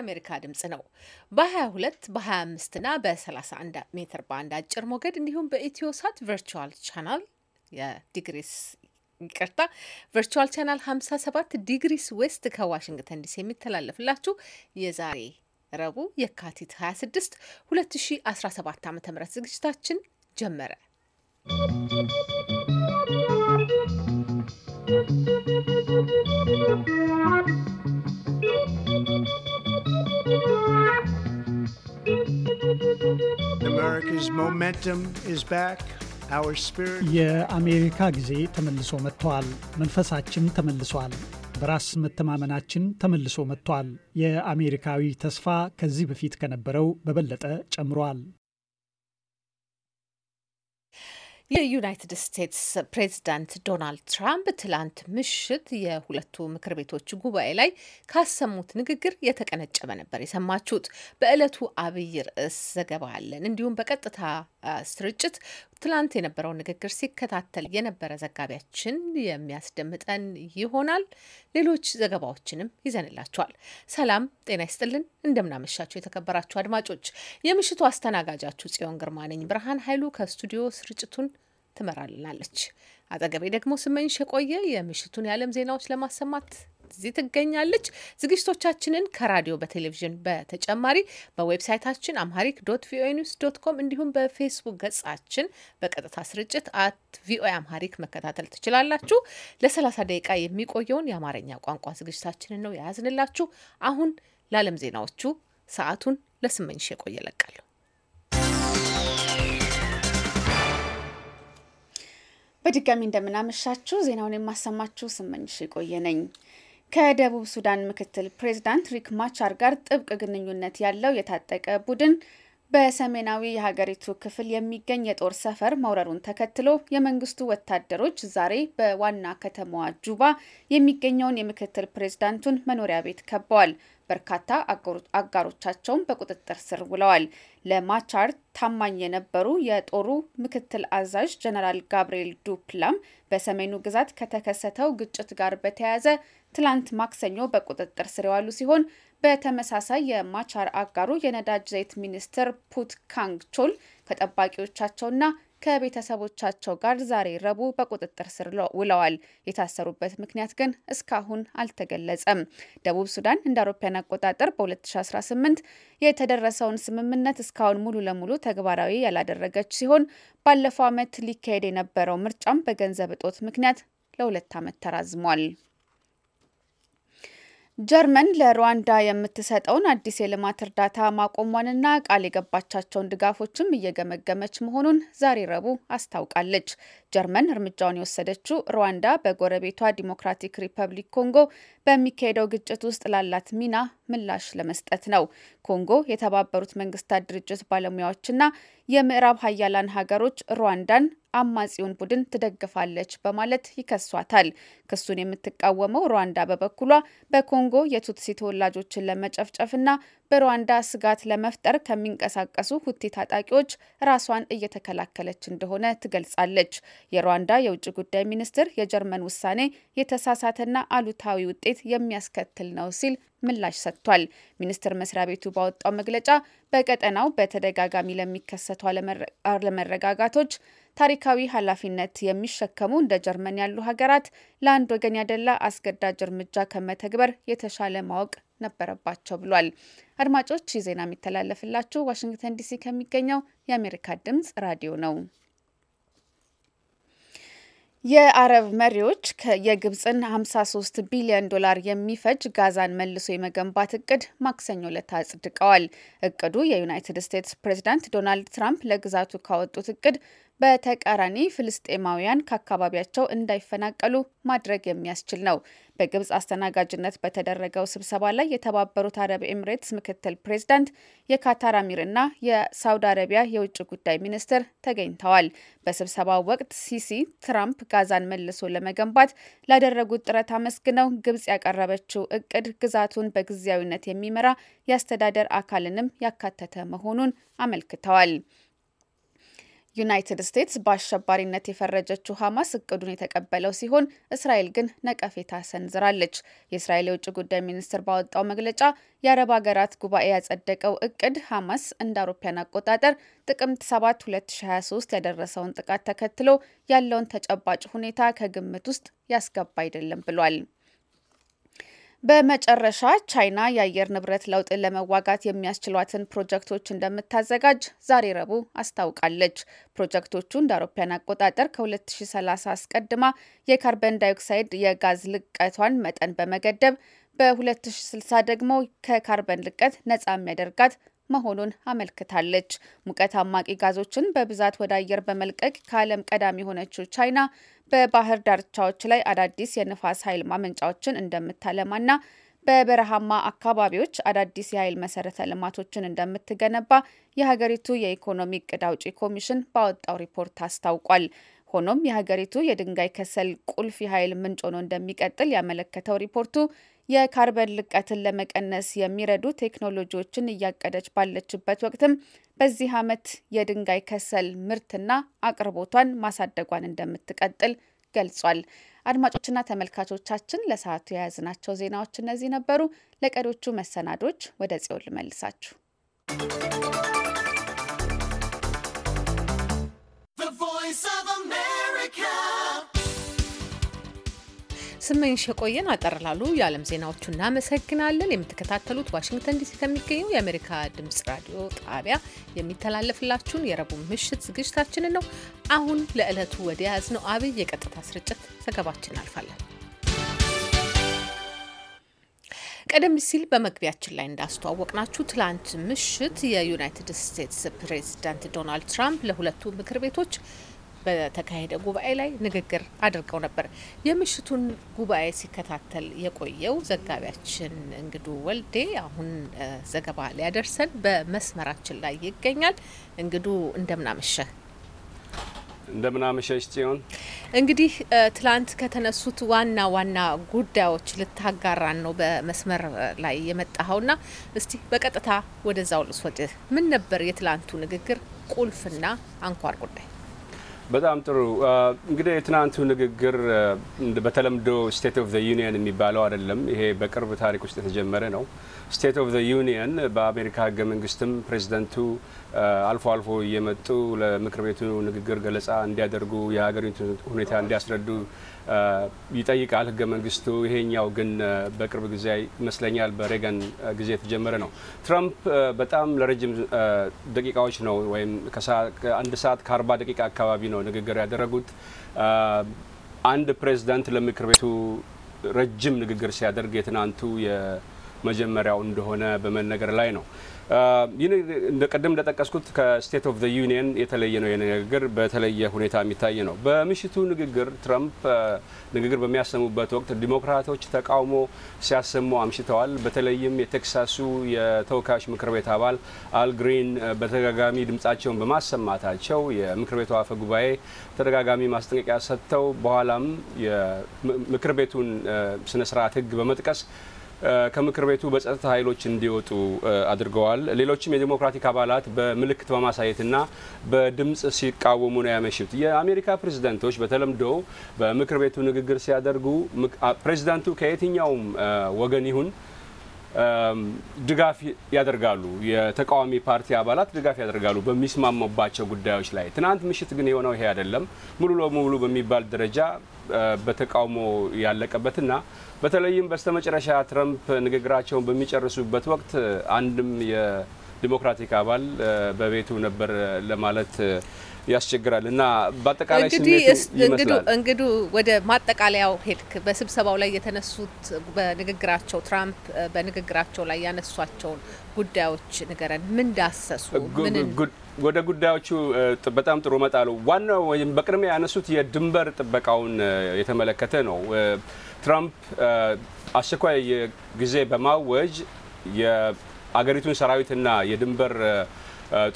የአሜሪካ ድምጽ ነው። በ22 በ25ና በ31 ሜትር ባንድ አጭር ሞገድ እንዲሁም በኢትዮሳት ቨርቹዋል ቻናል የዲግሪስ ይቅርታ ቨርቹዋል ቻናል 57 ዲግሪስ ዌስት ከዋሽንግተን ዲሲ የሚተላለፍላችሁ የዛሬ ረቡዕ የካቲት 26 2017 ዓ ም ዝግጅታችን ጀመረ። ¶¶ የአሜሪካ ጊዜ ተመልሶ መጥተዋል። መንፈሳችን ተመልሷል። በራስ መተማመናችን ተመልሶ መጥቷል። የአሜሪካዊ ተስፋ ከዚህ በፊት ከነበረው በበለጠ ጨምሯል። የዩናይትድ ስቴትስ ፕሬዚዳንት ዶናልድ ትራምፕ ትላንት ምሽት የሁለቱ ምክር ቤቶች ጉባኤ ላይ ካሰሙት ንግግር የተቀነጨበ ነበር የሰማችሁት። በዕለቱ አብይ ርዕስ ዘገባ አለን። እንዲሁም በቀጥታ ስርጭት ትላንት የነበረውን ንግግር ሲከታተል የነበረ ዘጋቢያችን የሚያስደምጠን ይሆናል። ሌሎች ዘገባዎችንም ይዘንላቸዋል። ሰላም ጤና ይስጥልን፣ እንደምናመሻችሁ የተከበራችሁ አድማጮች፣ የምሽቱ አስተናጋጃችሁ ጽዮን ግርማ ነኝ። ብርሃን ኃይሉ ከስቱዲዮ ስርጭቱን ትመራልናለች። አጠገቤ ደግሞ ስመኝሽ የቆየ የምሽቱን የዓለም ዜናዎች ለማሰማት እዚህ ትገኛለች። ዝግጅቶቻችንን ከራዲዮ በቴሌቪዥን በተጨማሪ በዌብሳይታችን አምሃሪክ ዶት ቪኦኤ ኒውስ ዶት ኮም እንዲሁም በፌስቡክ ገጻችን በቀጥታ ስርጭት አት ቪኦኤ አምሃሪክ መከታተል ትችላላችሁ። ለ30 ደቂቃ የሚቆየውን የአማርኛ ቋንቋ ዝግጅታችንን ነው የያዝንላችሁ። አሁን ለዓለም ዜናዎቹ ሰዓቱን ለስመኝሽ የቆየ ለቃለሁ። በድጋሚ እንደምናመሻችሁ ዜናውን የማሰማችሁ ስመኝሽ የቆየ ነኝ። ከደቡብ ሱዳን ምክትል ፕሬዚዳንት ሪክ ማቻር ጋር ጥብቅ ግንኙነት ያለው የታጠቀ ቡድን በሰሜናዊ የሀገሪቱ ክፍል የሚገኝ የጦር ሰፈር መውረሩን ተከትሎ የመንግስቱ ወታደሮች ዛሬ በዋና ከተማዋ ጁባ የሚገኘውን የምክትል ፕሬዚዳንቱን መኖሪያ ቤት ከበዋል። በርካታ አጋሮቻቸውን በቁጥጥር ስር ውለዋል። ለማቻር ታማኝ የነበሩ የጦሩ ምክትል አዛዥ ጀነራል ጋብርኤል ዱፕላም በሰሜኑ ግዛት ከተከሰተው ግጭት ጋር በተያያዘ ትላንት ማክሰኞ በቁጥጥር ስር የዋሉ ሲሆን በተመሳሳይ የማቻር አጋሩ የነዳጅ ዘይት ሚኒስትር ፑት ካንግ ቾል ከጠባቂዎቻቸውና ከቤተሰቦቻቸው ጋር ዛሬ ረቡዕ በቁጥጥር ስር ውለዋል። የታሰሩበት ምክንያት ግን እስካሁን አልተገለጸም። ደቡብ ሱዳን እንደ አውሮፓውያን አቆጣጠር በ2018 የተደረሰውን ስምምነት እስካሁን ሙሉ ለሙሉ ተግባራዊ ያላደረገች ሲሆን ባለፈው ዓመት ሊካሄድ የነበረው ምርጫም በገንዘብ እጦት ምክንያት ለሁለት ዓመት ተራዝሟል። ጀርመን ለሩዋንዳ የምትሰጠውን አዲስ የልማት እርዳታ ማቆሟንና ቃል የገባቻቸውን ድጋፎችም እየገመገመች መሆኑን ዛሬ ረቡዕ አስታውቃለች። ጀርመን እርምጃውን የወሰደችው ሩዋንዳ በጎረቤቷ ዲሞክራቲክ ሪፐብሊክ ኮንጎ በሚካሄደው ግጭት ውስጥ ላላት ሚና ምላሽ ለመስጠት ነው። ኮንጎ የተባበሩት መንግስታት ድርጅት ባለሙያዎችና የምዕራብ ሀያላን ሀገሮች ሩዋንዳን አማጺውን ቡድን ትደግፋለች በማለት ይከሷታል። ክሱን የምትቃወመው ሩዋንዳ በበኩሏ በኮንጎ የቱትሲ ተወላጆችን ለመጨፍጨፍና በሩዋንዳ ስጋት ለመፍጠር ከሚንቀሳቀሱ ሁቲ ታጣቂዎች ራሷን እየተከላከለች እንደሆነ ትገልጻለች። የሩዋንዳ የውጭ ጉዳይ ሚኒስትር የጀርመን ውሳኔ የተሳሳተና አሉታዊ ውጤት የሚያስከትል ነው ሲል ምላሽ ሰጥቷል። ሚኒስቴር መስሪያ ቤቱ ባወጣው መግለጫ በቀጠናው በተደጋጋሚ ለሚከሰቱ አለመረጋጋቶች ታሪካዊ ኃላፊነት የሚሸከሙ እንደ ጀርመን ያሉ ሀገራት ለአንድ ወገን ያደላ አስገዳጅ እርምጃ ከመተግበር የተሻለ ማወቅ ነበረባቸው ብሏል። አድማጮች ይህ ዜና የሚተላለፍላችሁ ዋሽንግተን ዲሲ ከሚገኘው የአሜሪካ ድምጽ ራዲዮ ነው። የአረብ መሪዎች የግብፅን 53 ቢሊዮን ዶላር የሚፈጅ ጋዛን መልሶ የመገንባት እቅድ ማክሰኞ ዕለት አጽድቀዋል። እቅዱ የዩናይትድ ስቴትስ ፕሬዚዳንት ዶናልድ ትራምፕ ለግዛቱ ካወጡት እቅድ በተቃራኒ ፍልስጤማውያን ከአካባቢያቸው እንዳይፈናቀሉ ማድረግ የሚያስችል ነው። በግብፅ አስተናጋጅነት በተደረገው ስብሰባ ላይ የተባበሩት አረብ ኤምሬትስ ምክትል ፕሬዚዳንት፣ የካታር አሚር እና የሳውዲ አረቢያ የውጭ ጉዳይ ሚኒስትር ተገኝተዋል። በስብሰባው ወቅት ሲሲ ትራምፕ ጋዛን መልሶ ለመገንባት ላደረጉት ጥረት አመስግነው ግብፅ ያቀረበችው እቅድ ግዛቱን በጊዜያዊነት የሚመራ የአስተዳደር አካልንም ያካተተ መሆኑን አመልክተዋል። ዩናይትድ ስቴትስ በአሸባሪነት የፈረጀችው ሐማስ እቅዱን የተቀበለው ሲሆን እስራኤል ግን ነቀፌታ ሰንዝራለች። የእስራኤል የውጭ ጉዳይ ሚኒስትር ባወጣው መግለጫ የአረብ ሀገራት ጉባኤ ያጸደቀው እቅድ ሐማስ እንደ አውሮፓውያን አቆጣጠር ጥቅምት 7 2023 ያደረሰውን ጥቃት ተከትሎ ያለውን ተጨባጭ ሁኔታ ከግምት ውስጥ ያስገባ አይደለም ብሏል። በመጨረሻ ቻይና የአየር ንብረት ለውጥን ለመዋጋት የሚያስችሏትን ፕሮጀክቶች እንደምታዘጋጅ ዛሬ ረቡዕ አስታውቃለች። ፕሮጀክቶቹ እንደ አውሮፓውያን አቆጣጠር ከ2030 አስቀድማ የካርበን ዳይኦክሳይድ የጋዝ ልቀቷን መጠን በመገደብ በ2060 ደግሞ ከካርበን ልቀት ነጻ የሚያደርጋት መሆኑን አመልክታለች። ሙቀት አማቂ ጋዞችን በብዛት ወደ አየር በመልቀቅ ከዓለም ቀዳሚ የሆነችው ቻይና በባህር ዳርቻዎች ላይ አዳዲስ የንፋስ ኃይል ማመንጫዎችን እንደምታለማና በበረሃማ አካባቢዎች አዳዲስ የኃይል መሰረተ ልማቶችን እንደምትገነባ የሀገሪቱ የኢኮኖሚ እቅድ አውጪ ኮሚሽን ባወጣው ሪፖርት አስታውቋል። ሆኖም የሀገሪቱ የድንጋይ ከሰል ቁልፍ የኃይል ምንጭ ሆኖ እንደሚቀጥል ያመለከተው ሪፖርቱ የካርበን ልቀትን ለመቀነስ የሚረዱ ቴክኖሎጂዎችን እያቀደች ባለችበት ወቅትም በዚህ ዓመት የድንጋይ ከሰል ምርትና አቅርቦቷን ማሳደጓን እንደምትቀጥል ገልጿል። አድማጮችና ተመልካቾቻችን ለሰዓቱ የያዝናቸው ዜናዎች እነዚህ ነበሩ። ለቀሪዎቹ መሰናዶች ወደ ጽዮን ልመልሳችሁ። ስመኝሽ የቆየን አጠርላሉ ላሉ የዓለም ዜናዎቹ እናመሰግናለን። የምትከታተሉት ዋሽንግተን ዲሲ ከሚገኘው የአሜሪካ ድምጽ ራዲዮ ጣቢያ የሚተላለፍላችሁን የረቡዕ ምሽት ዝግጅታችንን ነው። አሁን ለዕለቱ ወደ ያዝነው አብይ የቀጥታ ስርጭት ዘገባችን አልፋለን። ቀደም ሲል በመግቢያችን ላይ እንዳስተዋወቅናችሁ ትላንት ምሽት የዩናይትድ ስቴትስ ፕሬዚዳንት ዶናልድ ትራምፕ ለሁለቱ ምክር ቤቶች በተካሄደ ጉባኤ ላይ ንግግር አድርገው ነበር። የምሽቱን ጉባኤ ሲከታተል የቆየው ዘጋቢያችን እንግዱ ወልዴ አሁን ዘገባ ሊያደርሰን በመስመራችን ላይ ይገኛል። እንግዱ እንደምናመሸ እንደምናመሸሽ ጽዮን። እንግዲህ ትላንት ከተነሱት ዋና ዋና ጉዳዮች ልታጋራን ነው በመስመር ላይ ና እስቲ በቀጥታ ወደዛው ልስወድህ። ምን ነበር የትላንቱ ንግግር ቁልፍና አንኳር ጉዳይ? በጣም ጥሩ እንግዲህ የትናንቱ ንግግር በተለምዶ ስቴት ኦፍ ዘ ዩኒየን የሚባለው አይደለም። ይሄ በቅርብ ታሪክ ውስጥ የተጀመረ ነው። ስቴት ኦፍ ዘ ዩኒየን በአሜሪካ ህገ መንግስትም ፕሬዚደንቱ አልፎ አልፎ እየመጡ ለምክር ቤቱ ንግግር ገለጻ እንዲያደርጉ የሀገሪቱ ሁኔታ እንዲያስረዱ ይጠይቃል ህገ መንግስቱ። ይሄኛው ግን በቅርብ ጊዜ ይመስለኛል በሬገን ጊዜ የተጀመረ ነው። ትራምፕ በጣም ለረጅም ደቂቃዎች ነው ወይም አንድ ሰዓት ከአርባ ደቂቃ አካባቢ ነው ንግግር ያደረጉት። አንድ ፕሬዚዳንት ለምክር ቤቱ ረጅም ንግግር ሲያደርግ የትናንቱ የመጀመሪያው እንደሆነ በመነገር ላይ ነው። ቅድም እንደጠቀስኩት ከስቴት ኦፍ ዩኒየን የተለየ ነው ንግግር በተለየ ሁኔታ የሚታይ ነው። በምሽቱ ንግግር ትራምፕ ንግግር በሚያሰሙበት ወቅት ዲሞክራቶች ተቃውሞ ሲያሰሙ አምሽተዋል። በተለይም የቴክሳሱ የተወካዮች ምክር ቤት አባል አል ግሪን በተደጋጋሚ ድምጻቸውን በማሰማታቸው የምክር ቤቱ አፈ ጉባኤ ተደጋጋሚ ማስጠንቀቂያ ሰጥተው በኋላም የምክር ቤቱን ስነስርዓት ህግ በመጥቀስ ከምክር ቤቱ በጸጥታ ኃይሎች እንዲወጡ አድርገዋል። ሌሎችም የዲሞክራቲክ አባላት በምልክት በማሳየትና በድምፅ ሲቃወሙ ነው ያመሽት። የአሜሪካ ፕሬዝዳንቶች በተለምዶ በምክር ቤቱ ንግግር ሲያደርጉ ፕሬዝዳንቱ ከየትኛውም ወገን ይሁን ድጋፍ ያደርጋሉ። የተቃዋሚ ፓርቲ አባላት ድጋፍ ያደርጋሉ በሚስማሙባቸው ጉዳዮች ላይ። ትናንት ምሽት ግን የሆነው ይሄ አይደለም። ሙሉ ለሙሉ በሚባል ደረጃ በተቃውሞ ያለቀበትና በተለይም በስተመጨረሻ ትረምፕ ንግግራቸውን በሚጨርሱበት ወቅት አንድም የዲሞክራቲክ አባል በቤቱ ነበር ለማለት ያስቸግራል እና በአጠቃላይ እንግዱ ወደ ማጠቃለያው ሄድክ። በስብሰባው ላይ የተነሱት በንግግራቸው ትራምፕ በንግግራቸው ላይ ያነሷቸውን ጉዳዮች ንገረን። ምን ዳሰሱ? ወደ ጉዳዮቹ በጣም ጥሩ መጣሉ ዋናው ወይም በቅድሚያ ያነሱት የድንበር ጥበቃውን የተመለከተ ነው። ትራምፕ አስቸኳይ ጊዜ በማወጅ የአገሪቱን ሰራዊትና የድንበር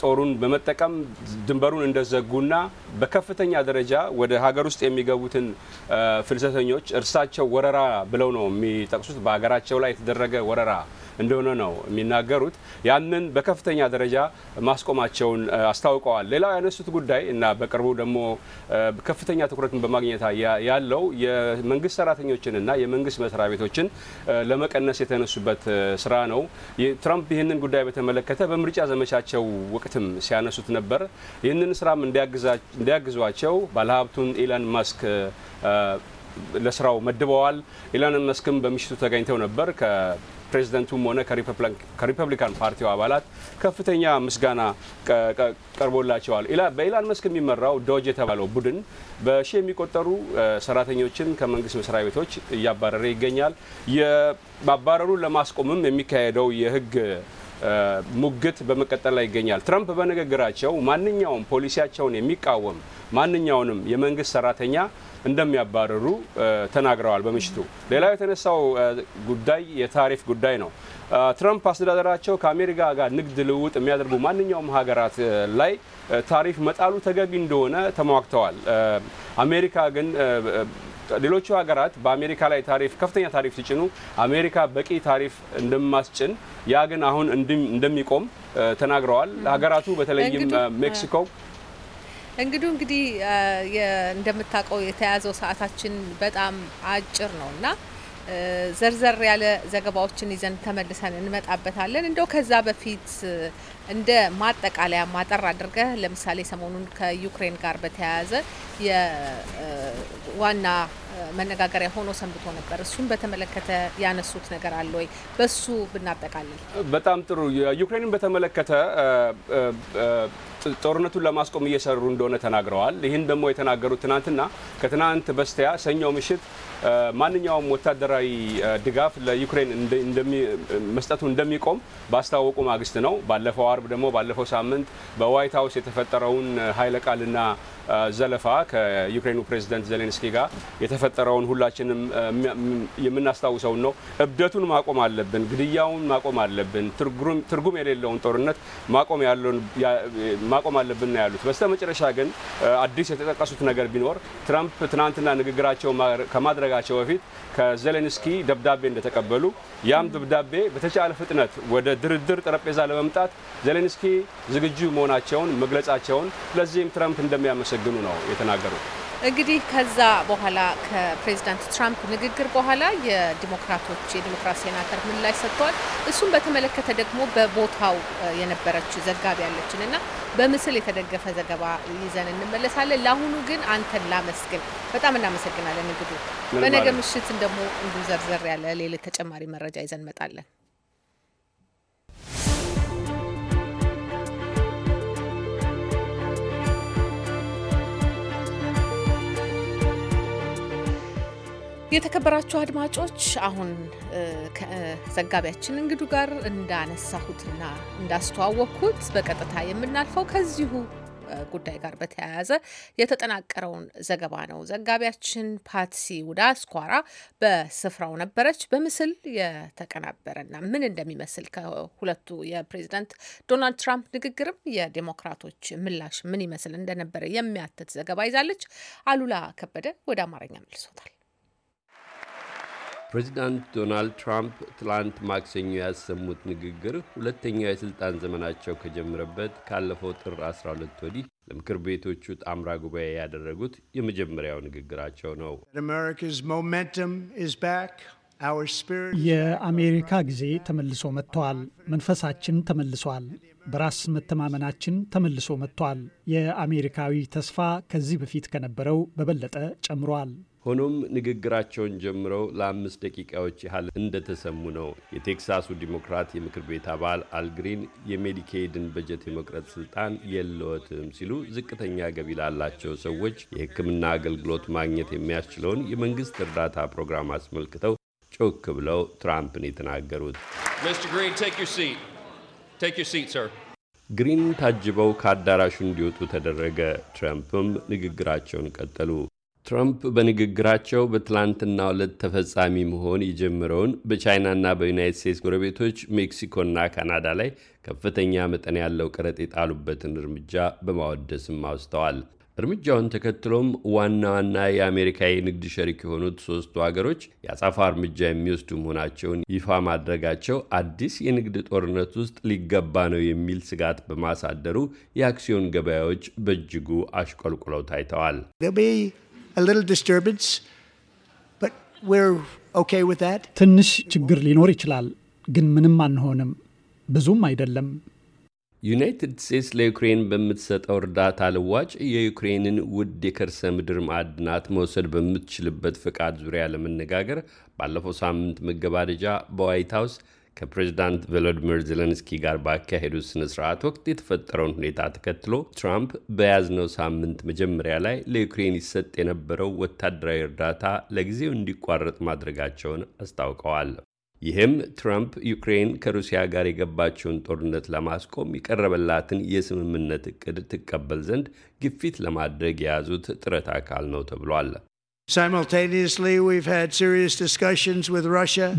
ጦሩን በመጠቀም ድንበሩን እንደዘጉና በከፍተኛ ደረጃ ወደ ሀገር ውስጥ የሚገቡትን ፍልሰተኞች እርሳቸው ወረራ ብለው ነው የሚጠቅሱት። በሀገራቸው ላይ የተደረገ ወረራ እንደሆነ ነው የሚናገሩት። ያንን በከፍተኛ ደረጃ ማስቆማቸውን አስታውቀዋል። ሌላው ያነሱት ጉዳይ እና በቅርቡ ደግሞ ከፍተኛ ትኩረትን በማግኘት ያለው የመንግስት ሰራተኞችን እና የመንግስት መስሪያ ቤቶችን ለመቀነስ የተነሱበት ስራ ነው። ትራምፕ ይህንን ጉዳይ በተመለከተ በምርጫ ዘመቻቸው ወቅትም ሲያነሱት ነበር። ይህንን ስራም እንዲያግዟቸው ባለሀብቱን ኢላን ማስክ ለስራው መድበዋል። ኢላን መስክም በምሽቱ ተገኝተው ነበር። ፕሬዚደንቱም ሆነ ከሪፐብሊካን ፓርቲው አባላት ከፍተኛ ምስጋና ቀርቦላቸዋል። በኢላን መስክ የሚመራው ዶጅ የተባለው ቡድን በሺ የሚቆጠሩ ሰራተኞችን ከመንግስት መስሪያ ቤቶች እያባረረ ይገኛል። ማባረሩን ለማስቆምም የሚካሄደው የህግ ሙግት በመቀጠል ላይ ይገኛል። ትራምፕ በንግግራቸው ማንኛውም ፖሊሲያቸውን የሚቃወም ማንኛውንም የመንግስት ሰራተኛ እንደሚያባረሩ ተናግረዋል። በምሽቱ ሌላው የተነሳው ጉዳይ የታሪፍ ጉዳይ ነው። ትራምፕ አስተዳደራቸው ከአሜሪካ ጋር ንግድ ልውውጥ የሚያደርጉ ማንኛውም ሀገራት ላይ ታሪፍ መጣሉ ተገቢ እንደሆነ ተሟግተዋል። አሜሪካ ግን ሌሎቹ ሀገራት በአሜሪካ ላይ ታሪፍ ከፍተኛ ታሪፍ ሲጭኑ አሜሪካ በቂ ታሪፍ እንደማስጭን ያ ግን አሁን እንደሚቆም ተናግረዋል። ሀገራቱ በተለይም ሜክሲኮ እንግዲህ እንግዲህ እንደምታውቀው የተያዘው ሰዓታችን በጣም አጭር ነው እና ዘርዘር ያለ ዘገባዎችን ይዘን ተመልሰን እንመጣበታለን። እንደው ከዛ በፊት እንደ ማጠቃለያ ማጠር አድርገህ ለምሳሌ ሰሞኑን ከዩክሬን ጋር በተያያዘ የዋና መነጋገሪያ ሆኖ ሰንብቶ ነበር። እሱን በተመለከተ ያነሱት ነገር አለ ወይ? በሱ ብናጠቃልል በጣም ጥሩ። ዩክሬንን በተመለከተ ጦርነቱን ለማስቆም እየሰሩ እንደሆነ ተናግረዋል። ይህን ደግሞ የተናገሩት ትናንትና ከትናንት በስቲያ ሰኞ ምሽት ማንኛውም ወታደራዊ ድጋፍ ለዩክሬን መስጠቱ እንደሚቆም ባስታወቁ ማግስት ነው። ባለፈው አርብ ደግሞ ባለፈው ሳምንት በዋይት ሀውስ የተፈጠረውን ኃይለ ቃልና ዘለፋ ከዩክሬኑ ፕሬዚደንት ዜሌንስኪ ጋር የተፈጠረውን ሁላችንም የምናስታውሰውን ነው። እብደቱን ማቆም አለብን፣ ግድያውን ማቆም አለብን፣ ትርጉም የሌለውን ጦርነት ማቆም አለብን ነው ያሉት። በስተ መጨረሻ ግን አዲስ የተጠቀሱት ነገር ቢኖር ትራምፕ ትናንትና ንግግራቸው ከማድረግ ከማድረጋቸው በፊት ከዜሌንስኪ ደብዳቤ እንደተቀበሉ ያም ደብዳቤ በተቻለ ፍጥነት ወደ ድርድር ጠረጴዛ ለመምጣት ዘለንስኪ ዝግጁ መሆናቸውን መግለጻቸውን ለዚህም ትረምፕ እንደሚያመሰግኑ ነው የተናገሩት። እንግዲህ ከዛ በኋላ ከፕሬዚዳንት ትራምፕ ንግግር በኋላ የዲሞክራቶች የዲሞክራሲ ሴናተር ምላሽ ሰጥተዋል። እሱን በተመለከተ ደግሞ በቦታው የነበረች ዘጋቢ ያለችን እና በምስል የተደገፈ ዘገባ ይዘን እንመለሳለን። ለአሁኑ ግን አንተን ላመስግን፣ በጣም እናመሰግናለን። እንግዲህ በነገ ምሽት ደግሞ እንዱ ዘርዘር ያለ ሌላ ተጨማሪ መረጃ ይዘን እንመጣለን። የተከበራችሁ አድማጮች አሁን ዘጋቢያችን እንግዱ ጋር እንዳነሳሁትና እንዳስተዋወቅኩት በቀጥታ የምናልፈው ከዚሁ ጉዳይ ጋር በተያያዘ የተጠናቀረውን ዘገባ ነው። ዘጋቢያችን ፓትሲ ውዳ ስኳራ በስፍራው ነበረች። በምስል የተቀናበረና ምን እንደሚመስል ከሁለቱ የፕሬዚዳንት ዶናልድ ትራምፕ ንግግርም የዴሞክራቶች ምላሽ ምን ይመስል እንደነበረ የሚያትት ዘገባ ይዛለች። አሉላ ከበደ ወደ አማርኛ መልሶታል። ፕሬዚዳንት ዶናልድ ትራምፕ ትላንት ማክሰኞ ያሰሙት ንግግር ሁለተኛው የሥልጣን ዘመናቸው ከጀመረበት ካለፈው ጥር 12 ወዲህ ለምክር ቤቶቹ ጣምራ ጉባኤ ያደረጉት የመጀመሪያው ንግግራቸው ነው። የአሜሪካ ጊዜ ተመልሶ መጥተዋል። መንፈሳችን ተመልሷል። በራስ መተማመናችን ተመልሶ መጥቷል። የአሜሪካዊ ተስፋ ከዚህ በፊት ከነበረው በበለጠ ጨምሯል። ሆኖም ንግግራቸውን ጀምረው ለአምስት ደቂቃዎች ያህል እንደተሰሙ ነው የቴክሳሱ ዲሞክራት የምክር ቤት አባል አልግሪን የሜዲኬድን በጀት የመቁረጥ ስልጣን የለወትም ሲሉ ዝቅተኛ ገቢ ላላቸው ሰዎች የሕክምና አገልግሎት ማግኘት የሚያስችለውን የመንግስት እርዳታ ፕሮግራም አስመልክተው ጮክ ብለው ትራምፕን የተናገሩት ግሪን ታጅበው ከአዳራሹ እንዲወጡ ተደረገ። ትራምፕም ንግግራቸውን ቀጠሉ። ትራምፕ በንግግራቸው በትላንትና ዕለት ተፈጻሚ መሆን የጀመረውን በቻይናና በዩናይት ስቴትስ ጎረቤቶች ሜክሲኮና ካናዳ ላይ ከፍተኛ መጠን ያለው ቀረጥ የጣሉበትን እርምጃ በማወደስም አውስተዋል። እርምጃውን ተከትሎም ዋና ዋና የአሜሪካ የንግድ ሸሪክ የሆኑት ሶስቱ ሀገሮች የአጻፋ እርምጃ የሚወስዱ መሆናቸውን ይፋ ማድረጋቸው አዲስ የንግድ ጦርነት ውስጥ ሊገባ ነው የሚል ስጋት በማሳደሩ የአክሲዮን ገበያዎች በእጅጉ አሽቆልቁለው ታይተዋል። a little disturbance, but we're okay with that. ትንሽ ችግር ሊኖር ይችላል፣ ግን ምንም አንሆንም። ብዙም አይደለም። ዩናይትድ ስቴትስ ለዩክሬን በምትሰጠው እርዳታ ልዋጭ የዩክሬንን ውድ የከርሰ ምድር ማዕድናት መውሰድ በምትችልበት ፍቃድ ዙሪያ ለመነጋገር ባለፈው ሳምንት መገባደጃ በዋይት ሀውስ ከፕሬዚዳንት ቮሎዲሚር ዜሌንስኪ ጋር ባካሄዱት ስነ ስርዓት ወቅት የተፈጠረውን ሁኔታ ተከትሎ ትራምፕ በያዝነው ሳምንት መጀመሪያ ላይ ለዩክሬን ይሰጥ የነበረው ወታደራዊ እርዳታ ለጊዜው እንዲቋረጥ ማድረጋቸውን አስታውቀዋል። ይህም ትራምፕ ዩክሬን ከሩሲያ ጋር የገባቸውን ጦርነት ለማስቆም የቀረበላትን የስምምነት እቅድ ትቀበል ዘንድ ግፊት ለማድረግ የያዙት ጥረት አካል ነው ተብሏል።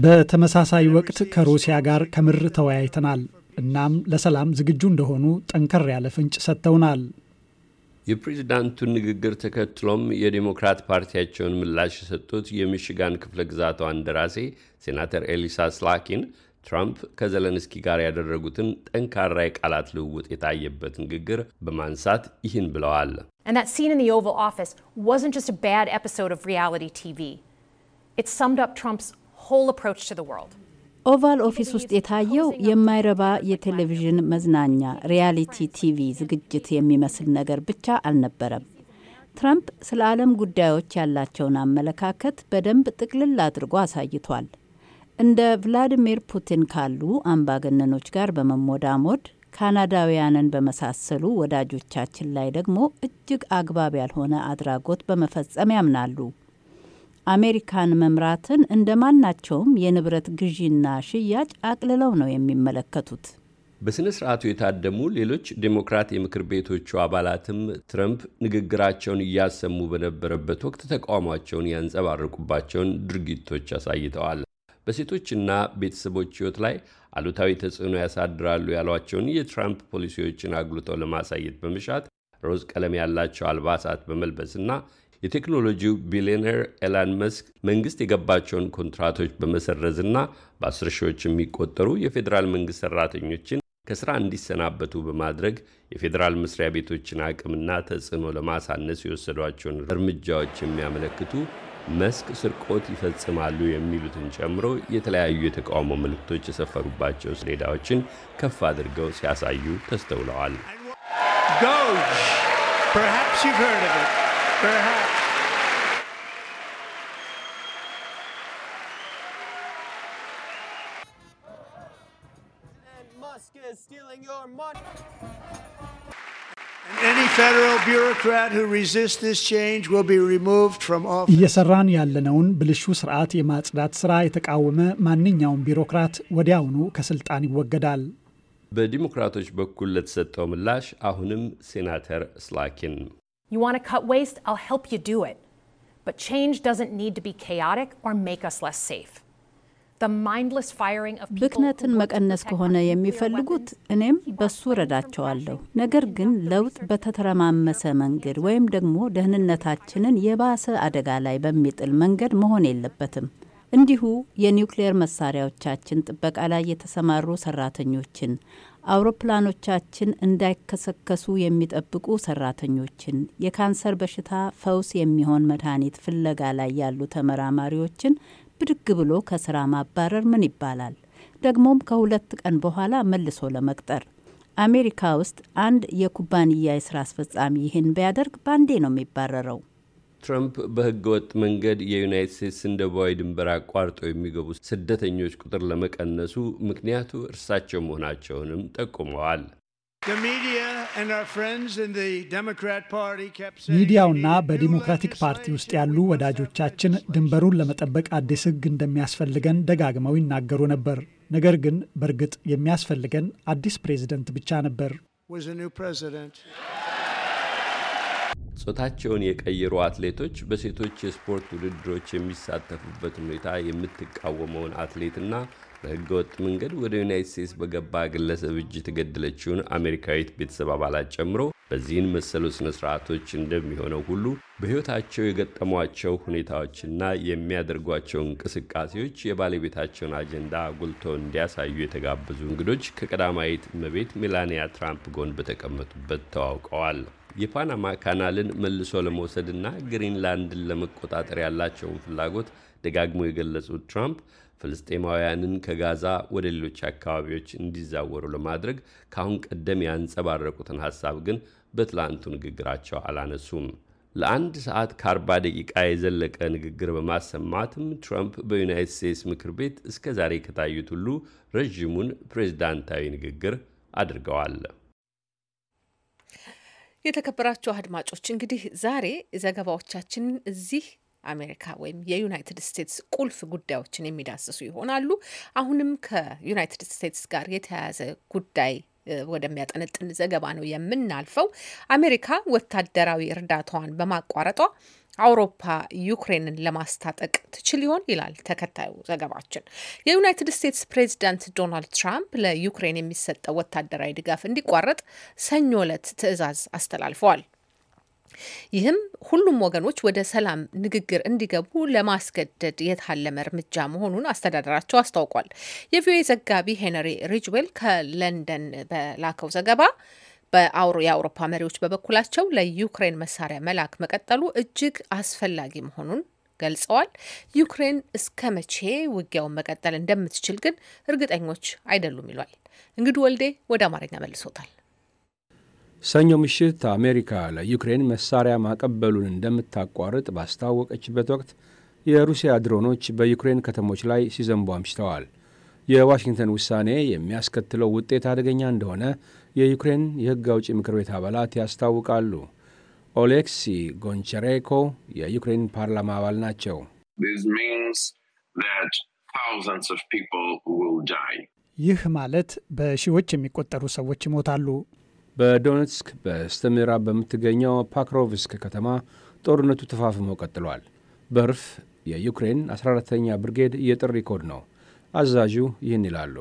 በተመሳሳይ ወቅት ከሩሲያ ጋር ከምር ተወያይተናል። እናም ለሰላም ዝግጁ እንደሆኑ ጠንከር ያለ ፍንጭ ሰጥተውናል። የፕሬዚዳንቱን ንግግር ተከትሎም የዴሞክራት ፓርቲያቸውን ምላሽ የሰጡት የሚሽጋን ክፍለ ግዛቷ እንደራሴ ሴናተር ኤሊሳ ስላኪን ትራምፕ ከዘለንስኪ ጋር ያደረጉትን ጠንካራ የቃላት ልውውጥ የታየበት ንግግር በማንሳት ይህን ብለዋል። And that scene in the Oval Office wasn't just a bad episode of reality TV. It summed up Trump's whole approach to the world. ኦቫል ኦፊስ ውስጥ የታየው የማይረባ የቴሌቪዥን መዝናኛ ሪያሊቲ ቲቪ ዝግጅት የሚመስል ነገር ብቻ አልነበረም። ትራምፕ ስለ ዓለም ጉዳዮች ያላቸውን አመለካከት በደንብ ጥቅልል አድርጎ አሳይቷል። እንደ ቭላዲሚር ፑቲን ካሉ አምባገነኖች ጋር በመሞዳሞድ ካናዳውያንን በመሳሰሉ ወዳጆቻችን ላይ ደግሞ እጅግ አግባብ ያልሆነ አድራጎት በመፈጸም ያምናሉ። አሜሪካን መምራትን እንደ ማናቸውም የንብረት ግዢና ሽያጭ አቅልለው ነው የሚመለከቱት። በሥነ ሥርዓቱ የታደሙ ሌሎች ዴሞክራት የምክር ቤቶቹ አባላትም ትረምፕ ንግግራቸውን እያሰሙ በነበረበት ወቅት ተቃውሟቸውን ያንጸባረቁባቸውን ድርጊቶች አሳይተዋል። በሴቶችና ቤተሰቦች ህይወት ላይ አሉታዊ ተጽዕኖ ያሳድራሉ ያሏቸውን የትራምፕ ፖሊሲዎችን አጉልተው ለማሳየት በመሻት ሮዝ ቀለም ያላቸው አልባሳት በመልበስና የቴክኖሎጂው ቢሊዮነር ኤላን መስክ መንግስት የገባቸውን ኮንትራቶች በመሰረዝና በአስር ሺዎች የሚቆጠሩ የፌዴራል መንግስት ሰራተኞችን ከስራ እንዲሰናበቱ በማድረግ የፌዴራል መስሪያ ቤቶችን አቅምና ተጽዕኖ ለማሳነስ የወሰዷቸውን እርምጃዎች የሚያመለክቱ መስክ ስርቆት ይፈጽማሉ የሚሉትን ጨምሮ የተለያዩ የተቃውሞ ምልክቶች የሰፈሩባቸው ሰሌዳዎችን ከፍ አድርገው ሲያሳዩ ተስተውለዋል። stealing your money. እየሰራን ያለነውን ብልሹ ስርዓት የማጽዳት ስራ የተቃወመ ማንኛውም ቢሮክራት ወዲያውኑ ከስልጣን ይወገዳል። በዲሞክራቶች በኩል ለተሰጠው ምላሽ አሁንም ሴናተር ስላኪን ስ ብክነትን መቀነስ ከሆነ የሚፈልጉት እኔም በሱ ረዳቸዋለሁ። ነገር ግን ለውጥ በተተረማመሰ መንገድ ወይም ደግሞ ደህንነታችንን የባሰ አደጋ ላይ በሚጥል መንገድ መሆን የለበትም። እንዲሁ የኒውክሌር መሳሪያዎቻችን ጥበቃ ላይ የተሰማሩ ሰራተኞችን፣ አውሮፕላኖቻችን እንዳይከሰከሱ የሚጠብቁ ሰራተኞችን፣ የካንሰር በሽታ ፈውስ የሚሆን መድኃኒት ፍለጋ ላይ ያሉ ተመራማሪዎችን ብድግ ብሎ ከስራ ማባረር ምን ይባላል? ደግሞም ከሁለት ቀን በኋላ መልሶ ለመቅጠር። አሜሪካ ውስጥ አንድ የኩባንያ የስራ አስፈጻሚ ይህን ቢያደርግ ባንዴ ነው የሚባረረው። ትራምፕ በህገወጥ መንገድ የዩናይት ስቴትስን ደቡባዊ ድንበር አቋርጠው የሚገቡ ስደተኞች ቁጥር ለመቀነሱ ምክንያቱ እርሳቸው መሆናቸውንም ጠቁመዋል። ሚዲያውና በዲሞክራቲክ ፓርቲ ውስጥ ያሉ ወዳጆቻችን ድንበሩን ለመጠበቅ አዲስ ሕግ እንደሚያስፈልገን ደጋግመው ይናገሩ ነበር። ነገር ግን በእርግጥ የሚያስፈልገን አዲስ ፕሬዚደንት ብቻ ነበር። ጾታቸውን የቀየሩ አትሌቶች በሴቶች የስፖርት ውድድሮች የሚሳተፉበትን ሁኔታ የምትቃወመውን አትሌትና በህገወጥ መንገድ ወደ ዩናይት ስቴትስ በገባ ግለሰብ እጅ የተገደለችውን አሜሪካዊት ቤተሰብ አባላት ጨምሮ በዚህን መሰሉ ስነ ስርዓቶች እንደሚሆነው ሁሉ በሕይወታቸው የገጠሟቸው ሁኔታዎችና የሚያደርጓቸው እንቅስቃሴዎች የባለቤታቸውን አጀንዳ ጉልተው እንዲያሳዩ የተጋበዙ እንግዶች ከቀዳማዊት እመቤት ሜላንያ ትራምፕ ጎን በተቀመጡበት ተዋውቀዋል። የፓናማ ካናልን መልሶ ለመውሰድና ግሪንላንድን ለመቆጣጠር ያላቸውን ፍላጎት ደጋግሞ የገለጹት ትራምፕ ፍልስጤማውያንን ከጋዛ ወደ ሌሎች አካባቢዎች እንዲዛወሩ ለማድረግ ከአሁን ቀደም ያንጸባረቁትን ሀሳብ ግን በትላንቱ ንግግራቸው አላነሱም። ለአንድ ሰዓት ከአርባ ደቂቃ የዘለቀ ንግግር በማሰማትም ትራምፕ በዩናይትድ ስቴትስ ምክር ቤት እስከ ዛሬ ከታዩት ሁሉ ረዥሙን ፕሬዚዳንታዊ ንግግር አድርገዋል። የተከበራችሁ አድማጮች እንግዲህ ዛሬ ዘገባዎቻችንን እዚህ አሜሪካ ወይም የዩናይትድ ስቴትስ ቁልፍ ጉዳዮችን የሚዳስሱ ይሆናሉ። አሁንም ከዩናይትድ ስቴትስ ጋር የተያያዘ ጉዳይ ወደሚያጠነጥን ዘገባ ነው የምናልፈው። አሜሪካ ወታደራዊ እርዳታዋን በማቋረጧ አውሮፓ ዩክሬንን ለማስታጠቅ ትችል ይሆን ይላል ተከታዩ ዘገባችን። የዩናይትድ ስቴትስ ፕሬዚዳንት ዶናልድ ትራምፕ ለዩክሬን የሚሰጠው ወታደራዊ ድጋፍ እንዲቋረጥ ሰኞ ዕለት ትዕዛዝ አስተላልፈዋል። ይህም ሁሉም ወገኖች ወደ ሰላም ንግግር እንዲገቡ ለማስገደድ የታለመ እርምጃ መሆኑን አስተዳደራቸው አስታውቋል። የቪኦኤ ዘጋቢ ሄነሪ ሪጅዌል ከለንደን በላከው ዘገባ በአውሮ የአውሮፓ መሪዎች በበኩላቸው ለዩክሬን መሳሪያ መላክ መቀጠሉ እጅግ አስፈላጊ መሆኑን ገልጸዋል። ዩክሬን እስከ መቼ ውጊያውን መቀጠል እንደምትችል ግን እርግጠኞች አይደሉም ይሏል። እንግዲህ ወልዴ ወደ አማርኛ መልሶታል። ሰኞ ምሽት አሜሪካ ለዩክሬን መሳሪያ ማቀበሉን እንደምታቋርጥ ባስታወቀችበት ወቅት የሩሲያ ድሮኖች በዩክሬን ከተሞች ላይ ሲዘንቡ አምሽተዋል። የዋሽንግተን ውሳኔ የሚያስከትለው ውጤት አደገኛ እንደሆነ የዩክሬን የሕግ አውጪ ምክር ቤት አባላት ያስታውቃሉ። ኦሌክሲ ጎንቸሬኮ የዩክሬን ፓርላማ አባል ናቸው። ይህ ማለት በሺዎች የሚቆጠሩ ሰዎች ይሞታሉ በዶኔትስክ በስተምዕራብ በምትገኘው ፓክሮቭስክ ከተማ ጦርነቱ ተፋፍሞ ቀጥሏል። በርፍ የዩክሬን 14ተኛ ብርጌድ የጥሪ ኮድ ነው። አዛዡ ይህን ይላሉ።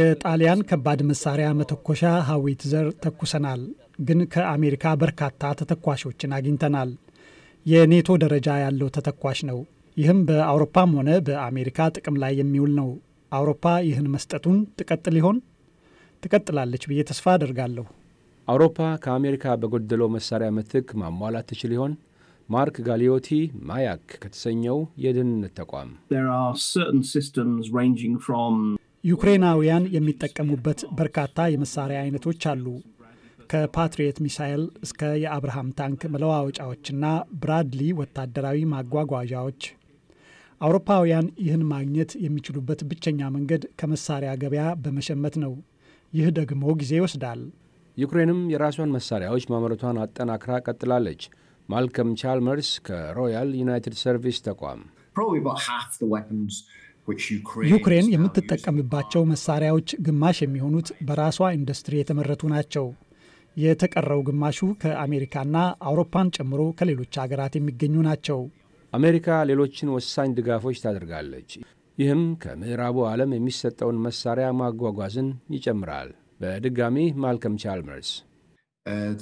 የጣሊያን ከባድ መሳሪያ መተኮሻ ሀዊት ዘር ተኩሰናል፣ ግን ከአሜሪካ በርካታ ተተኳሾችን አግኝተናል። የኔቶ ደረጃ ያለው ተተኳሽ ነው። ይህም በአውሮፓም ሆነ በአሜሪካ ጥቅም ላይ የሚውል ነው። አውሮፓ ይህን መስጠቱን ትቀጥል ይሆን? ትቀጥላለች ብዬ ተስፋ አደርጋለሁ። አውሮፓ ከአሜሪካ በጎደለው መሳሪያ ምትክ ማሟላት ትችል ይሆን? ማርክ ጋሊዮቲ ማያክ ከተሰኘው የደህንነት ተቋም ዩክሬናውያን የሚጠቀሙበት በርካታ የመሳሪያ አይነቶች አሉ። ከፓትሪየት ሚሳይል እስከ የአብርሃም ታንክ መለዋወጫዎችና ብራድሊ ወታደራዊ ማጓጓዣዎች አውሮፓውያን ይህን ማግኘት የሚችሉበት ብቸኛ መንገድ ከመሳሪያ ገበያ በመሸመት ነው። ይህ ደግሞ ጊዜ ይወስዳል። ዩክሬንም የራሷን መሳሪያዎች ማምረቷን አጠናክራ ቀጥላለች። ማልከም ቻልመርስ ከሮያል ዩናይትድ ሰርቪስ ተቋም ዩክሬን የምትጠቀምባቸው መሳሪያዎች ግማሽ የሚሆኑት በራሷ ኢንዱስትሪ የተመረቱ ናቸው። የተቀረው ግማሹ ከአሜሪካና አውሮፓን ጨምሮ ከሌሎች ሀገራት የሚገኙ ናቸው። አሜሪካ ሌሎችን ወሳኝ ድጋፎች ታደርጋለች። ይህም ከምዕራቡ ዓለም የሚሰጠውን መሳሪያ ማጓጓዝን ይጨምራል። በድጋሚ ማልከም ቻልመርስ uh,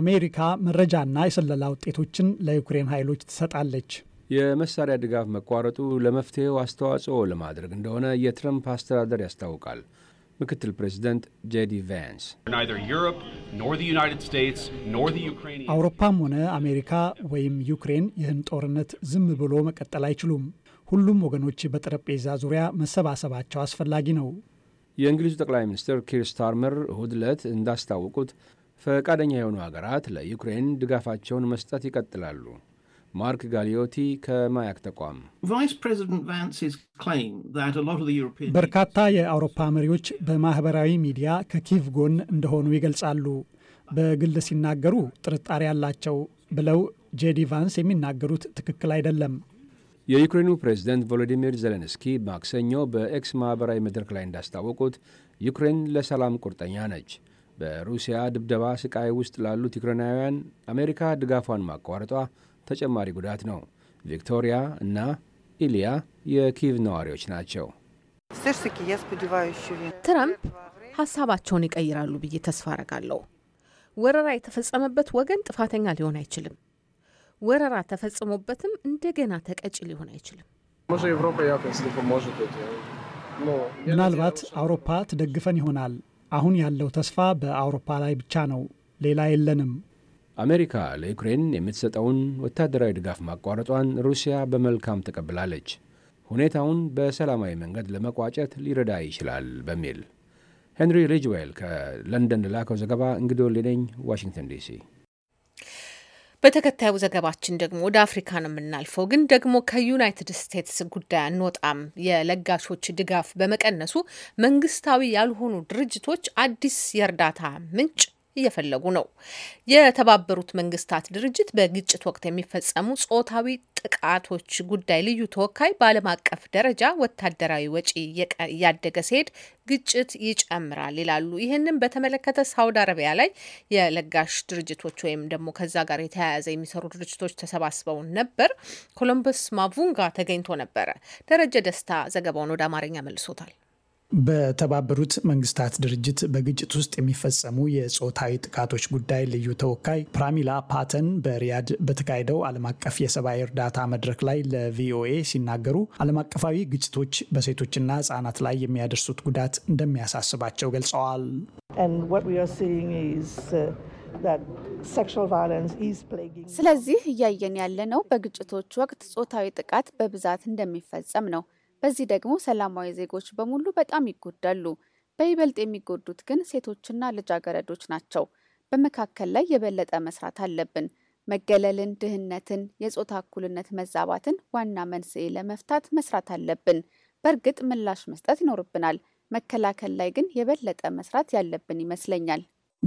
አሜሪካ መረጃና የስለላ ውጤቶችን ለዩክሬን ኃይሎች ትሰጣለች። የመሳሪያ ድጋፍ መቋረጡ ለመፍትሔው አስተዋጽኦ ለማድረግ እንደሆነ የትረምፕ አስተዳደር ያስታውቃል። ምክትል ፕሬዚደንት ጄዲ ቫንስ አውሮፓም ሆነ አሜሪካ ወይም ዩክሬን ይህን ጦርነት ዝም ብሎ መቀጠል አይችሉም። ሁሉም ወገኖች በጠረጴዛ ዙሪያ መሰባሰባቸው አስፈላጊ ነው። የእንግሊዙ ጠቅላይ ሚኒስትር ኪር ስታርመር እሁድ ዕለት እንዳስታወቁት ፈቃደኛ የሆኑ ሀገራት ለዩክሬን ድጋፋቸውን መስጠት ይቀጥላሉ። ማርክ ጋሊዮቲ ከማያክ ተቋም በርካታ የአውሮፓ መሪዎች በማኅበራዊ ሚዲያ ከኪቭ ጎን እንደሆኑ ይገልጻሉ። በግል ሲናገሩ ጥርጣሬ ያላቸው ብለው ጄዲ ቫንስ የሚናገሩት ትክክል አይደለም። የዩክሬኑ ፕሬዝደንት ቮሎዲሚር ዜሌንስኪ ማክሰኞ በኤክስ ማኅበራዊ መድረክ ላይ እንዳስታወቁት ዩክሬን ለሰላም ቁርጠኛ ነች። በሩሲያ ድብደባ ስቃይ ውስጥ ላሉት ዩክሬናውያን አሜሪካ ድጋፏን ማቋረጧ ተጨማሪ ጉዳት ነው። ቪክቶሪያ እና ኢሊያ የኪቭ ነዋሪዎች ናቸው። ትራምፕ ሀሳባቸውን ይቀይራሉ ብዬ ተስፋ አረጋለሁ። ወረራ የተፈጸመበት ወገን ጥፋተኛ ሊሆን አይችልም። ወረራ ተፈጽሞበትም እንደገና ተቀጭ ሊሆን አይችልም። ምናልባት አውሮፓ ትደግፈን ይሆናል። አሁን ያለው ተስፋ በአውሮፓ ላይ ብቻ ነው። ሌላ የለንም። አሜሪካ ለዩክሬን የምትሰጠውን ወታደራዊ ድጋፍ ማቋረጧን ሩሲያ በመልካም ተቀብላለች። ሁኔታውን በሰላማዊ መንገድ ለመቋጨት ሊረዳ ይችላል በሚል ሄንሪ ሪጅዌል ከለንደን ላከው ዘገባ። እንግዶ ሊነኝ ዋሽንግተን ዲሲ። በተከታዩ ዘገባችን ደግሞ ወደ አፍሪካ ነው የምናልፈው። ግን ደግሞ ከዩናይትድ ስቴትስ ጉዳይ አንወጣም። የለጋሾች ድጋፍ በመቀነሱ መንግስታዊ ያልሆኑ ድርጅቶች አዲስ የእርዳታ ምንጭ እየፈለጉ ነው። የተባበሩት መንግስታት ድርጅት በግጭት ወቅት የሚፈጸሙ ጾታዊ ጥቃቶች ጉዳይ ልዩ ተወካይ በዓለም አቀፍ ደረጃ ወታደራዊ ወጪ እያደገ ሲሄድ ግጭት ይጨምራል ይላሉ። ይህንም በተመለከተ ሳውዲ አረቢያ ላይ የለጋሽ ድርጅቶች ወይም ደግሞ ከዛ ጋር የተያያዘ የሚሰሩ ድርጅቶች ተሰባስበው ነበር። ኮሎምበስ ማቡንጋ ተገኝቶ ነበረ። ደረጀ ደስታ ዘገባውን ወደ አማርኛ መልሶታል። በተባበሩት መንግስታት ድርጅት በግጭት ውስጥ የሚፈጸሙ የጾታዊ ጥቃቶች ጉዳይ ልዩ ተወካይ ፕራሚላ ፓተን በሪያድ በተካሄደው ዓለም አቀፍ የሰብአዊ እርዳታ መድረክ ላይ ለቪኦኤ ሲናገሩ ዓለም አቀፋዊ ግጭቶች በሴቶችና ህፃናት ላይ የሚያደርሱት ጉዳት እንደሚያሳስባቸው ገልጸዋል። uh, ስለዚህ እያየን ያለነው በግጭቶች ወቅት ጾታዊ ጥቃት በብዛት እንደሚፈጸም ነው። በዚህ ደግሞ ሰላማዊ ዜጎች በሙሉ በጣም ይጎዳሉ። በይበልጥ የሚጎዱት ግን ሴቶችና ልጃገረዶች ናቸው። በመካከል ላይ የበለጠ መስራት አለብን። መገለልን፣ ድህነትን፣ የጾታ እኩልነት መዛባትን ዋና መንስኤ ለመፍታት መስራት አለብን። በእርግጥ ምላሽ መስጠት ይኖርብናል። መከላከል ላይ ግን የበለጠ መስራት ያለብን ይመስለኛል።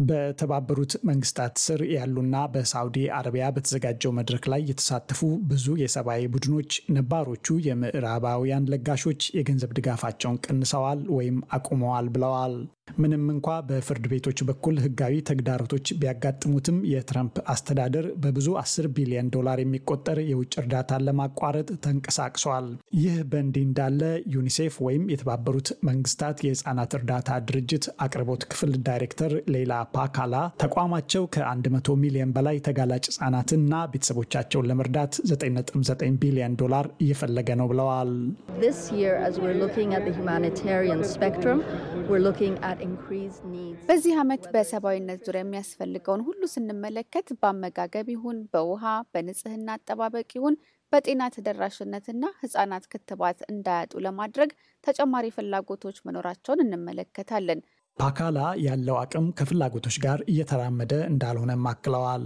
በተባበሩት መንግስታት ስር ያሉና በሳውዲ አረቢያ በተዘጋጀው መድረክ ላይ የተሳተፉ ብዙ የሰብአዊ ቡድኖች ነባሮቹ የምዕራባውያን ለጋሾች የገንዘብ ድጋፋቸውን ቀንሰዋል ወይም አቁመዋል ብለዋል። ምንም እንኳ በፍርድ ቤቶች በኩል ህጋዊ ተግዳሮቶች ቢያጋጥሙትም የትራምፕ አስተዳደር በብዙ 10 ቢሊዮን ዶላር የሚቆጠር የውጭ እርዳታን ለማቋረጥ ተንቀሳቅሷል። ይህ በእንዲህ እንዳለ ዩኒሴፍ ወይም የተባበሩት መንግስታት የህፃናት እርዳታ ድርጅት አቅርቦት ክፍል ዳይሬክተር ሌላ ፓካላ ተቋማቸው ከ100 ሚሊዮን በላይ ተጋላጭ ህጻናትና ቤተሰቦቻቸውን ለመርዳት 9.9 ቢሊዮን ዶላር እየፈለገ ነው ብለዋል። በዚህ ዓመት በሰብአዊነት ዙሪያ የሚያስፈልገውን ሁሉ ስንመለከት በአመጋገብ ይሁን በውሃ በንጽህና አጠባበቅ ይሁን በጤና ተደራሽነትና ህጻናት ክትባት እንዳያጡ ለማድረግ ተጨማሪ ፍላጎቶች መኖራቸውን እንመለከታለን። ፓካላ ያለው አቅም ከፍላጎቶች ጋር እየተራመደ እንዳልሆነም አክለዋል።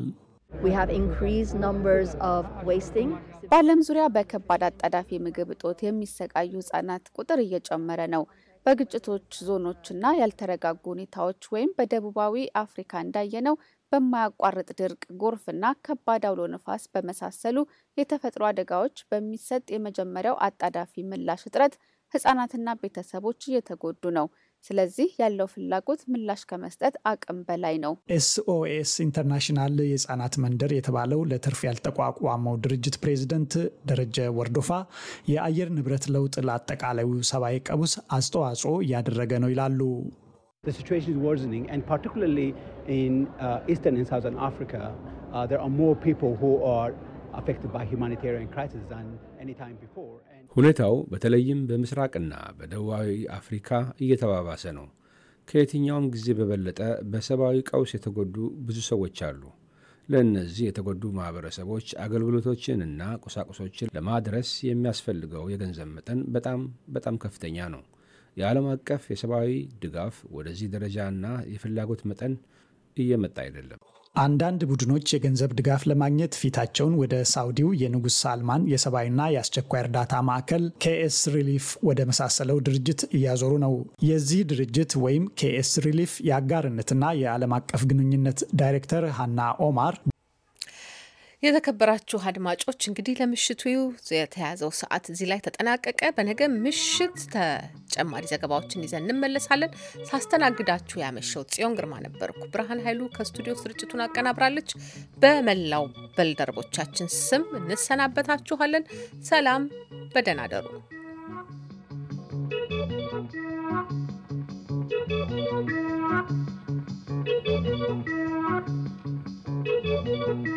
በዓለም ዙሪያ በከባድ አጣዳፊ ምግብ እጦት የሚሰቃዩ ህጻናት ቁጥር እየጨመረ ነው። በግጭቶች ዞኖችና ያልተረጋጉ ሁኔታዎች ወይም በደቡባዊ አፍሪካ እንዳየነው በማያቋርጥ ድርቅ፣ ጎርፍና ከባድ አውሎ ነፋስ በመሳሰሉ የተፈጥሮ አደጋዎች በሚሰጥ የመጀመሪያው አጣዳፊ ምላሽ እጥረት ህጻናትና ቤተሰቦች እየተጎዱ ነው። ስለዚህ ያለው ፍላጎት ምላሽ ከመስጠት አቅም በላይ ነው። ኤስኦኤስ ኢንተርናሽናል የህፃናት መንደር የተባለው ለትርፍ ያልተቋቋመው ድርጅት ፕሬዚደንት ደረጀ ወርዶፋ የአየር ንብረት ለውጥ ለአጠቃላዩ ሰብአዊ ቀውስ አስተዋጽኦ እያደረገ ነው ይላሉ። uh, uh, there are more people who are affected by humanitarian crisis than any time before. ሁኔታው በተለይም በምስራቅና በደቡባዊ አፍሪካ እየተባባሰ ነው። ከየትኛውም ጊዜ በበለጠ በሰብአዊ ቀውስ የተጎዱ ብዙ ሰዎች አሉ። ለእነዚህ የተጎዱ አገልግሎቶችን አገልግሎቶችንና ቁሳቁሶችን ለማድረስ የሚያስፈልገው የገንዘብ መጠን በጣም በጣም ከፍተኛ ነው። የዓለም አቀፍ የሰብአዊ ድጋፍ ወደዚህ ደረጃና የፍላጎት መጠን እየመጣ አይደለም። አንዳንድ ቡድኖች የገንዘብ ድጋፍ ለማግኘት ፊታቸውን ወደ ሳውዲው የንጉሥ ሳልማን የሰብአዊና የአስቸኳይ እርዳታ ማዕከል ኬኤስ ሪሊፍ ወደ መሳሰለው ድርጅት እያዞሩ ነው። የዚህ ድርጅት ወይም ኬኤስ ሪሊፍ የአጋርነትና የዓለም አቀፍ ግንኙነት ዳይሬክተር ሃና ኦማር የተከበራችሁ አድማጮች እንግዲህ ለምሽቱ የተያዘው ሰዓት እዚህ ላይ ተጠናቀቀ። በነገ ምሽት ተጨማሪ ዘገባዎችን ይዘን እንመለሳለን። ሳስተናግዳችሁ ያመሸው ጽዮን ግርማ ነበርኩ። ብርሃን ኃይሉ ከስቱዲዮ ስርጭቱን አቀናብራለች። በመላው ባልደረቦቻችን ስም እንሰናበታችኋለን። ሰላም፣ በደህና ደሩ። Thank you.